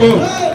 un.